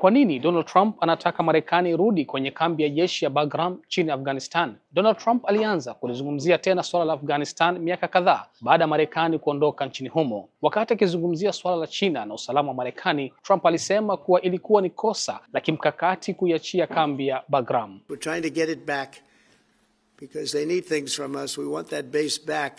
Kwa nini Donald Trump anataka Marekani irudi kwenye kambi ya jeshi ya Bagram chini Afghanistan? Donald Trump alianza kulizungumzia tena suala la Afghanistan miaka kadhaa baada ya Marekani kuondoka nchini humo. Wakati akizungumzia suala la China na usalama wa Marekani, Trump alisema kuwa ilikuwa ni kosa la kimkakati kuiachia kambi ya Bagram. We're trying to get it back because they need things from us. We want that base back.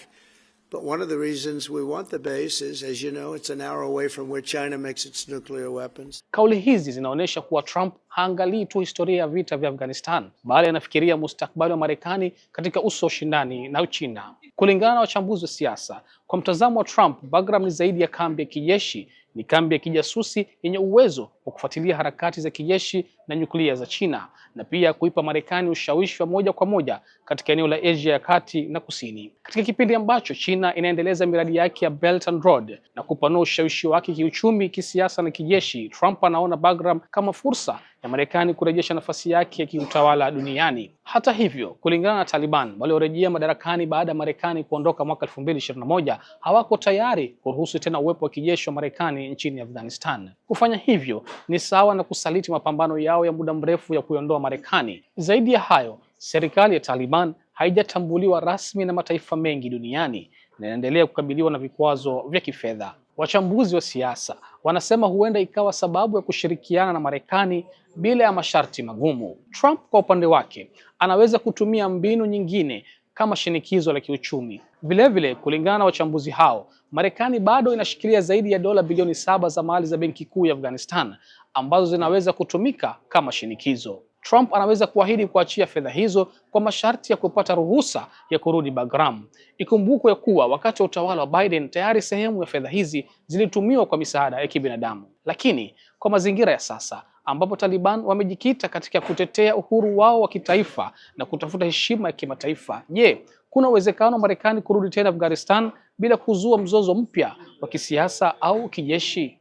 But one of the reasons we want the base is, as you know, it's an hour away from where China makes its nuclear weapons. Kauli hizi zinaonyesha kuwa Trump haangalii tu historia ya vita vya Afghanistan bali anafikiria mustakabali wa Marekani katika uso wa ushindani na Uchina. Kulingana na wachambuzi wa siasa, kwa mtazamo wa Trump, Bagram ni zaidi ya kambi ya kijeshi, ni kambi ya kijasusi yenye uwezo wa kufuatilia harakati za kijeshi na nyuklia za China na pia kuipa Marekani ushawishi wa moja kwa moja katika eneo la Asia ya kati na kusini. Katika kipindi ambacho China inaendeleza miradi yake ya Belt and Road na kupanua ushawishi wake kiuchumi, kisiasa na kijeshi, Trump anaona Bagram kama fursa ya Marekani kurejesha nafasi yake ya kiutawala duniani. Hata hivyo, kulingana na Taliban waliorejea madarakani baada ya Marekani kuondoka mwaka 2021 hawako tayari kuruhusu tena uwepo wa kijeshi wa Marekani nchini Afghanistan. Kufanya hivyo ni sawa na kusaliti mapambano yao ya muda mrefu ya kuiondoa Marekani. Zaidi ya hayo, serikali ya Taliban haijatambuliwa rasmi na mataifa mengi duniani na inaendelea kukabiliwa na vikwazo vya kifedha. Wachambuzi wa siasa wanasema huenda ikawa sababu ya kushirikiana na Marekani bila ya masharti magumu. Trump kwa upande wake anaweza kutumia mbinu nyingine kama shinikizo la kiuchumi. Vilevile, kulingana na wachambuzi hao, Marekani bado inashikilia zaidi ya dola bilioni saba za mali za benki kuu ya Afghanistan ambazo zinaweza kutumika kama shinikizo. Trump anaweza kuahidi kuachia fedha hizo kwa masharti ya kupata ruhusa ya kurudi Bagram. Ikumbukwe kuwa wakati wa utawala wa Biden tayari sehemu ya fedha hizi zilitumiwa kwa misaada ya kibinadamu. Lakini kwa mazingira ya sasa ambapo Taliban wamejikita katika kutetea uhuru wao wa kitaifa na kutafuta heshima ya kimataifa, je, kuna uwezekano Marekani kurudi tena Afghanistan bila kuzua mzozo mpya wa kisiasa au kijeshi?